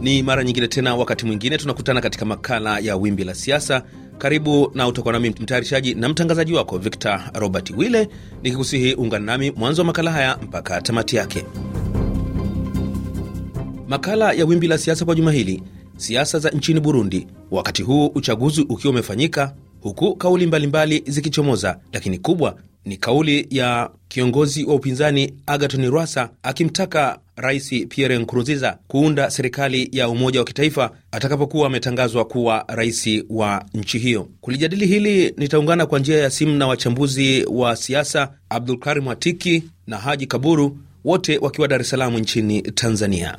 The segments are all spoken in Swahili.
Ni mara nyingine tena, wakati mwingine tunakutana katika makala ya Wimbi la Siasa. Karibu na utakuwa nami mtayarishaji na mtangazaji wako Victor Robert Wille, nikikusihi ungana nami mwanzo wa makala haya mpaka tamati yake. Makala ya Wimbi la Siasa kwa juma hili, siasa za nchini Burundi, wakati huu uchaguzi ukiwa umefanyika huku kauli mbalimbali zikichomoza, lakini kubwa ni kauli ya kiongozi wa upinzani Agaton Rwasa akimtaka Rais Pierre Nkurunziza kuunda serikali ya umoja wa kitaifa atakapokuwa ametangazwa kuwa rais wa nchi hiyo. Kulijadili hili, nitaungana kwa njia ya simu na wachambuzi wa siasa Abdulkarim Atiki na Haji Kaburu, wote wakiwa Dar es Salaam nchini Tanzania.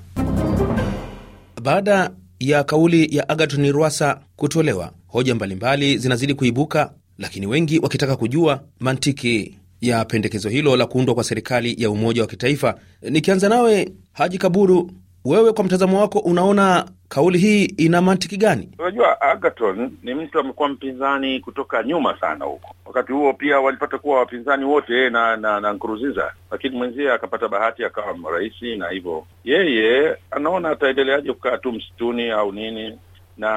Baada ya kauli ya agatoni Rwasa kutolewa, hoja mbalimbali zinazidi kuibuka lakini wengi wakitaka kujua mantiki ya pendekezo hilo la kuundwa kwa serikali ya umoja wa kitaifa. Nikianza nawe Haji Kaburu, wewe kwa mtazamo wako unaona kauli hii ina mantiki gani? Unajua, Agaton ni mtu amekuwa mpinzani kutoka nyuma sana huko. Wakati huo pia walipata kuwa wapinzani wote na na, na Nkuruziza, lakini mwenzie akapata bahati akawa rais, na hivyo yeye anaona ataendeleaje kukaa tu msituni au nini? na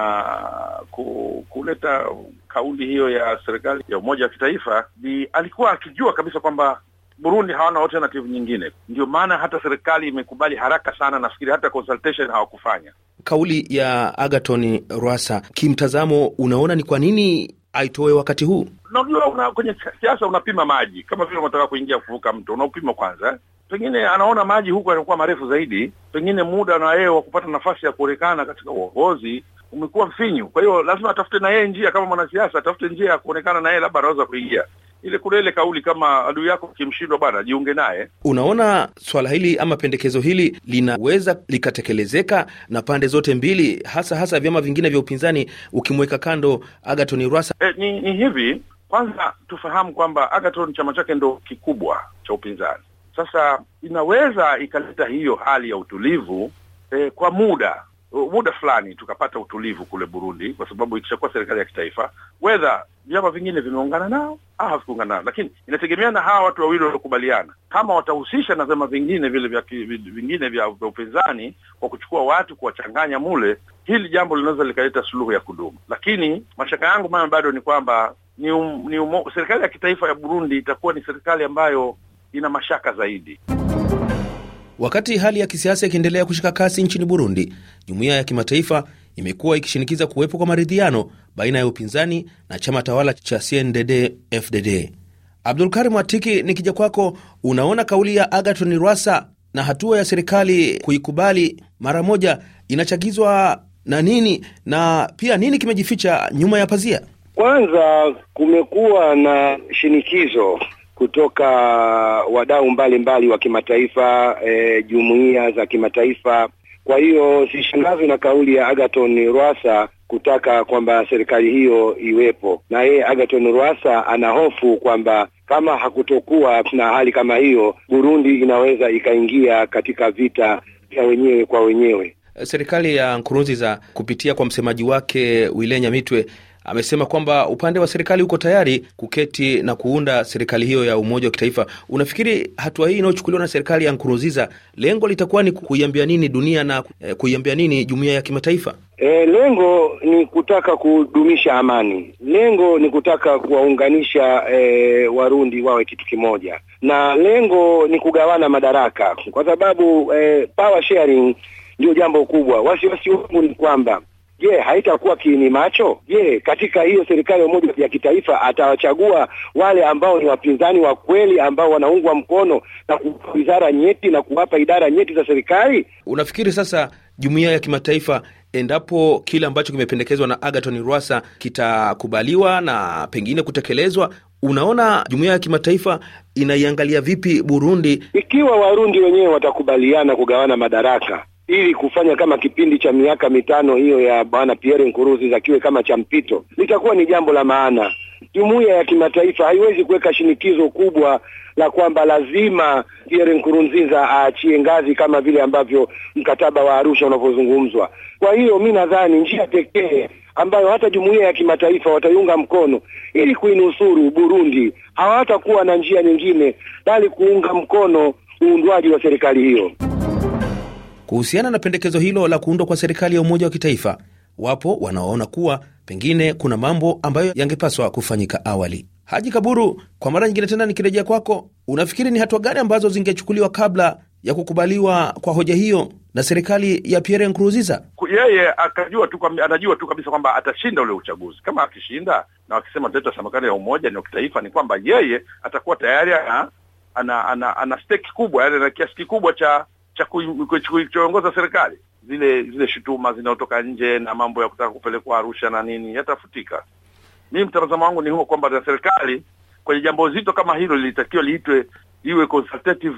ku, kuleta kauli hiyo ya serikali ya umoja wa kitaifa, ni alikuwa akijua kabisa kwamba Burundi hawana alternative nyingine, ndio maana hata serikali imekubali haraka sana. Nafikiri hata consultation hawakufanya. Kauli ya agatoni Rwasa, kimtazamo, unaona ni kwa nini aitoe wakati huu? Unajua una, kwenye siasa unapima maji kama vile unataka kuingia kuvuka mto, unaupima kwanza pengine anaona maji huku yanakuwa marefu zaidi, pengine muda na yeye wa kupata nafasi ya kuonekana katika uongozi umekuwa mfinyu. Kwa hiyo lazima atafute na yeye njia, kama mwanasiasa atafute njia ya kuonekana na yeye labda anaweza kuingia ile kuna ile kauli kama adui yako kimshindwa bwana jiunge naye. Unaona, swala hili ama pendekezo hili linaweza likatekelezeka na pande zote mbili, hasa hasa vyama vingine vya upinzani, ukimweka kando Agaton Rwasa. E, ni, ni hivi kwanza tufahamu kwamba Agaton chama chake ndo kikubwa cha upinzani. Sasa inaweza ikaleta hiyo hali ya utulivu e, kwa muda muda fulani tukapata utulivu kule Burundi, kwa sababu ikishakuwa serikali ya kitaifa, wedha vyama vingine vimeungana nao au havikuungana nao, lakini inategemeana hawa watu wawili waliokubaliana, kama watahusisha na vyama vingine vile vya vingine vya upinzani kwa kuchukua watu kuwachanganya mule, hili jambo linaweza likaleta suluhu ya kudumu. Lakini mashaka yangu mama bado ni kwamba ni, um, ni umo, serikali ya kitaifa ya Burundi itakuwa ni serikali ambayo ina mashaka zaidi. Wakati hali ya kisiasa ikiendelea kushika kasi nchini Burundi, jumuiya ya kimataifa imekuwa ikishinikiza kuwepo kwa maridhiano baina ya upinzani na chama tawala cha CNDD FDD. Abdulkarim Atiki, nikija kwako, unaona kauli ya agatoni Rwasa na hatua ya serikali kuikubali mara moja inachagizwa na nini, na pia nini kimejificha nyuma ya pazia? Kwanza kumekuwa na shinikizo kutoka wadau mbalimbali wa kimataifa e, jumuiya za kimataifa. Kwa hiyo sishangazwi na kauli ya agaton Rwasa kutaka kwamba serikali hiyo iwepo, na yeye agaton Rwasa ana hofu kwamba kama hakutokuwa na hali kama hiyo, Burundi inaweza ikaingia katika vita vya wenyewe kwa wenyewe. Serikali ya Nkurunziza kupitia kwa msemaji wake Wilenya Mitwe amesema kwamba upande wa serikali uko tayari kuketi na kuunda serikali hiyo ya umoja wa kitaifa. Unafikiri hatua hii inayochukuliwa na serikali ya Nkurunziza lengo litakuwa ni kuiambia nini dunia na eh, kuiambia nini jumuiya ya kimataifa? E, lengo ni kutaka kudumisha amani. Lengo ni kutaka kuwaunganisha e, Warundi wawe kitu kimoja, na lengo ni kugawana madaraka, kwa sababu e, power sharing ndio jambo kubwa. Wasiwasi wangu ni kwamba je, haitakuwa kiini macho? Je, katika hiyo serikali ya umoja ya kitaifa atawachagua wale ambao ni wapinzani wa kweli ambao wanaungwa mkono na kuwapa wizara nyeti na kuwapa idara nyeti za serikali? Unafikiri sasa jumuiya ya kimataifa endapo kile ambacho kimependekezwa na agaton Rwasa kitakubaliwa na pengine kutekelezwa, unaona jumuiya ya kimataifa inaiangalia vipi Burundi? Ikiwa Warundi wenyewe watakubaliana kugawana madaraka ili kufanya kama kipindi cha miaka mitano hiyo ya bwana Pierre Nkurunziza kiwe kama cha mpito, litakuwa ni jambo la maana. Jumuiya ya kimataifa haiwezi kuweka shinikizo kubwa la kwamba lazima Pierre Nkurunziza aachie ngazi kama vile ambavyo mkataba wa Arusha unavyozungumzwa. Kwa hiyo mi nadhani njia pekee ambayo hata jumuiya ya kimataifa wataiunga mkono ili kuinusuru Burundi, hawatakuwa na njia nyingine bali kuunga mkono uundwaji wa serikali hiyo. Kuhusiana na pendekezo hilo la kuundwa kwa serikali ya umoja wa kitaifa, wapo wanaoona kuwa pengine kuna mambo ambayo yangepaswa kufanyika awali. Haji Kaburu, kwa mara nyingine tena nikirejea kwako, unafikiri ni hatua gani ambazo zingechukuliwa kabla ya kukubaliwa kwa hoja hiyo na serikali ya Pierre Nkurunziza? Yeye akajua tu, anajua tu kabisa kwamba atashinda ule uchaguzi. Kama akishinda na wakisema tutaleta serikali ya umoja ni wa kitaifa, ni kwamba yeye atakuwa tayari ana ana, ana, ana stake kubwa, yani ana kiasi kikubwa cha chakuiongoza serikali zile zile shutuma zinaotoka nje na mambo ya kutaka kupelekwa Arusha na nini yatafutika. Mimi mtazamo wangu ni huo kwamba na serikali kwenye jambo zito kama hilo lilitakiwa liitwe iwe consultative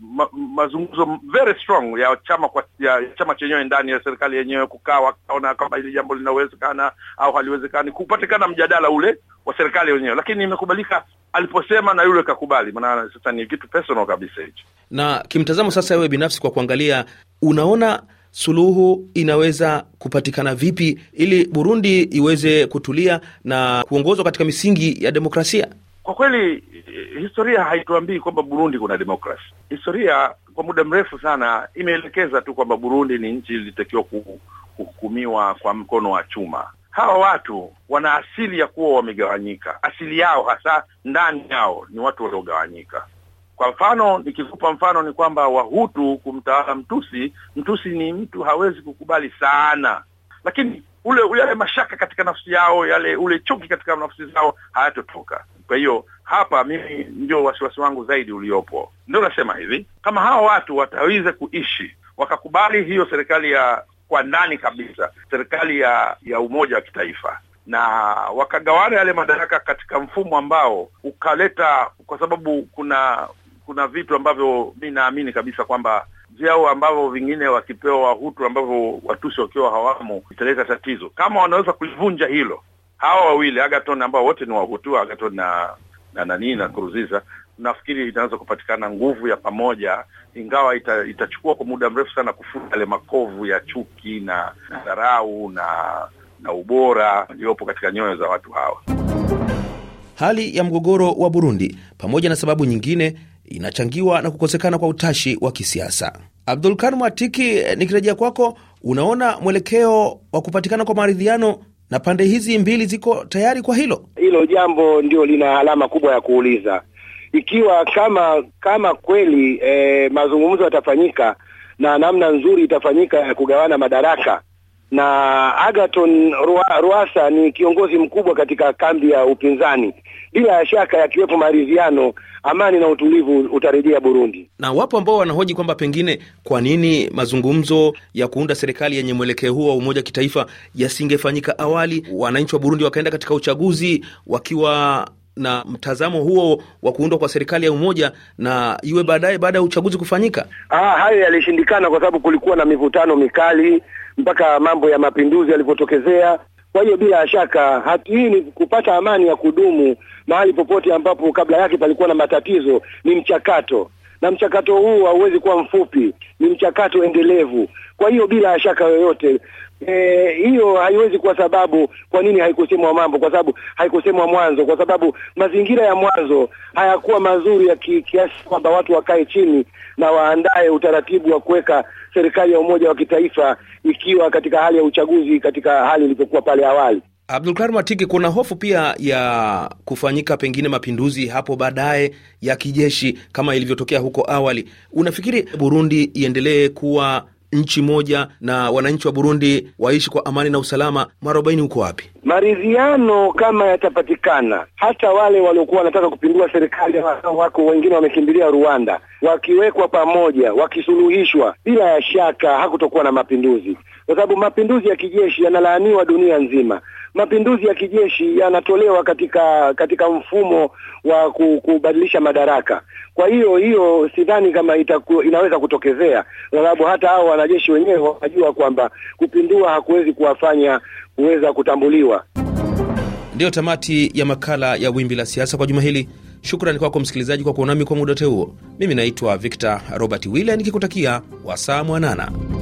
ma, mazungumzo very strong ya chama kwa, ya chama chenyewe ndani ya serikali yenyewe, kukaa wakaona kama hili jambo linawezekana au haliwezekani, kupatikana mjadala ule wa serikali wenyewe, lakini imekubalika aliposema na yule kakubali, maana sasa ni kitu personal kabisa hicho. Na kimtazamo sasa, wewe binafsi, kwa kuangalia, unaona suluhu inaweza kupatikana vipi ili Burundi iweze kutulia na kuongozwa katika misingi ya demokrasia? Kwa kweli eh, historia haituambii kwamba Burundi kuna demokrasi. Historia kwa muda mrefu sana imeelekeza tu kwamba Burundi ni nchi ilitakiwa kuhukumiwa kwa mkono wa chuma, hawa watu wana asili ya kuwa wamegawanyika. Asili yao hasa ndani yao ni watu waliogawanyika. Kwa mfano, nikikupa mfano ni kwamba Wahutu kumtawala Mtusi, Mtusi ni mtu hawezi kukubali sana, lakini ule yale mashaka katika nafsi yao, yale ule chuki katika nafsi zao hayatotoka. Kwa hiyo hapa mimi ndio wasiwasi wangu zaidi uliopo, ndio nasema hivi, kama hawa watu wataweza kuishi wakakubali hiyo serikali ya kwa ndani kabisa serikali ya ya umoja wa kitaifa na wakagawana yale madaraka katika mfumo ambao ukaleta, kwa sababu kuna kuna vitu ambavyo mi naamini kabisa kwamba vyao ambavyo vingine wakipewa Wahutu ambavyo Watusi wakiwa hawamo italeta tatizo. Kama wanaweza kulivunja hilo, hawa wawili Agaton ambao wote ni Wahutu, Agaton na na nanii na Kuruziza, nafikiri inaweza kupatikana nguvu ya pamoja, ingawa ita, itachukua kwa muda mrefu sana kufuta yale makovu ya chuki na dharau na, na ubora uliopo katika nyoyo za watu hawa. Hali ya mgogoro wa Burundi pamoja na sababu nyingine inachangiwa na kukosekana kwa utashi wa kisiasa. Abdulkarim Atiki, nikirejea kwako, unaona mwelekeo wa kupatikana kwa maridhiano na pande hizi mbili ziko tayari kwa hilo. Hilo jambo ndio lina alama kubwa ya kuuliza, ikiwa kama kama kweli e, mazungumzo yatafanyika na namna nzuri itafanyika ya kugawana madaraka na Agaton Ruasa ni kiongozi mkubwa katika kambi ya upinzani. Bila ya shaka, yakiwepo maridhiano, amani na utulivu utarejea Burundi. Na wapo ambao wanahoji kwamba pengine kwa nini mazungumzo ya kuunda serikali yenye mwelekeo huo wa umoja wa kitaifa yasingefanyika awali, wananchi wa Burundi wakaenda katika uchaguzi wakiwa na mtazamo huo wa kuundwa kwa serikali ya umoja na iwe baadaye baada ya uchaguzi kufanyika. Ah, hayo yalishindikana kwa sababu kulikuwa na mivutano mikali mpaka mambo ya mapinduzi yalivyotokezea. Kwa hiyo bila shaka hii ni kupata amani ya kudumu mahali popote ambapo kabla yake palikuwa na matatizo, ni mchakato na mchakato huu hauwezi kuwa mfupi, ni mchakato endelevu. Kwa hiyo bila shaka yoyote eh, hiyo e, haiwezi kuwa sababu kwa nini haikusemwa mambo, kwa sababu haikusemwa mwanzo, kwa sababu mazingira ya mwanzo hayakuwa mazuri ya ki, kiasi kwamba watu wakae chini na waandae utaratibu wa kuweka serikali ya umoja wa kitaifa ikiwa katika hali ya uchaguzi katika hali ilivyokuwa pale awali. Abdulkarim Matiki, kuna hofu pia ya kufanyika pengine mapinduzi hapo baadaye ya kijeshi kama ilivyotokea huko awali. Unafikiri Burundi iendelee kuwa nchi moja na wananchi wa Burundi waishi kwa amani na usalama? Mwarobaini huko wapi? Maridhiano kama yatapatikana, hata wale waliokuwa wanataka kupindua serikali wako wengine wamekimbilia Rwanda, wakiwekwa pamoja, wakisuluhishwa, bila ya shaka hakutokuwa na mapinduzi, kwa sababu mapinduzi ya kijeshi yanalaaniwa dunia nzima mapinduzi ya kijeshi yanatolewa katika katika mfumo wa kubadilisha madaraka. Kwa hiyo hiyo sidhani kama itaku, inaweza kutokezea, kwa sababu hata hao wanajeshi wenyewe wanajua kwamba kupindua hakuwezi kuwafanya kuweza kutambuliwa. Ndiyo tamati ya makala ya Wimbi la Siasa kwa juma hili. Shukrani kwako msikilizaji kwa kuwa nami kwa muda wote huo. Mimi naitwa Victor Robert Wille nikikutakia wasaa mwanana.